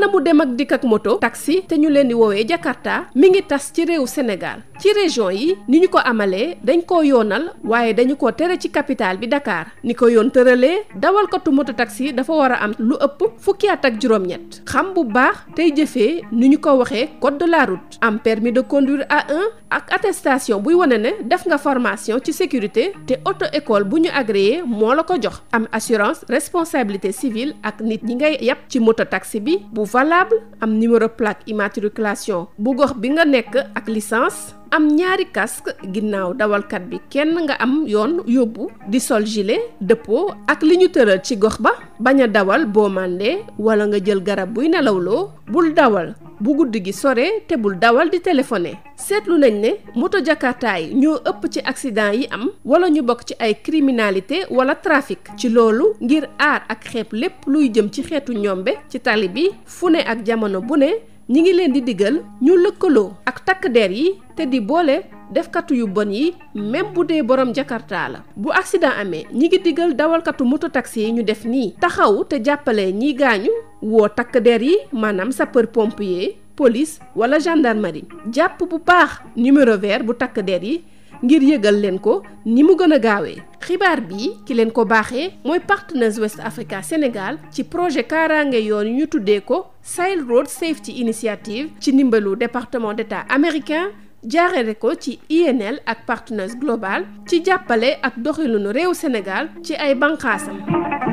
anamu dem ak dikk ak moto taxi te ñu leen di woowee Jakarta mi ngi tas ci réew Sénégal ci région yi ni ñu ko amalee dañ ko yoonal waaye dañu ko tere ci capitale bi dakaar ni ko yoon tëralee dawalkatu moto taxi dafa war a am lu ëpp fukki at ak juróom-ñett xam bu baax tey jëfee ni ñu ko waxee code de la route am permis de conduire A1 ak attestation buy wane ne def nga formation ci sécurité te auto école bu ñu agréé moo la ko jox am assurance responsabilité civile ak nit ñi ngay yàpp ci moto taxi bi valable am numéro plaque immatriculation bu gox bi nga nekk ak licence am ñaari casque ginnaaw dawalkat bi kenn nga am yoon yóbbu di sol gilet dëppoo ak li ñu tëral ci gox ba bañ a dawal boo màndee wala nga jël garab buy nelawloo bul dawal bu guddi gi sore te bul dawal di téléphoné seetlu nañ ne moto jakarta ñoo ëpp ci accident yi am wala ñu bokk ci ay criminalité wala trafic ci loolu ngir aar ak xeeb lépp luy jëm ci xeetu ñombe ci tali bi fu ne ak jamono bu ne ñi ngi leen di diggal ñu lëkkaloo ak takk der yi te di boole defkatu yu bon yi même bu dee borom jakarta la bu accident amee ñi ngi digal dawalkatu moto taxi yi ñu def nii taxaw te jàppale ñi gaañu woo takk der yi maanaam sapeur pompier police wala gendarmerie jàpp bu baax numéro vert bu takk der yi ngir yëgal leen ko ni mu gën a gaawee xibaar bii ki leen ko baaxee mooy Partners West Africa Sénégal ci projet kaaraange yoon ñu tuddee ko Sahel Road Safety Initiative ci ndimbalu département d'État américain jaarale ko ci INL ak Partners Global ci jàppale ak doxalinu réew Sénégal ci ay banqaasam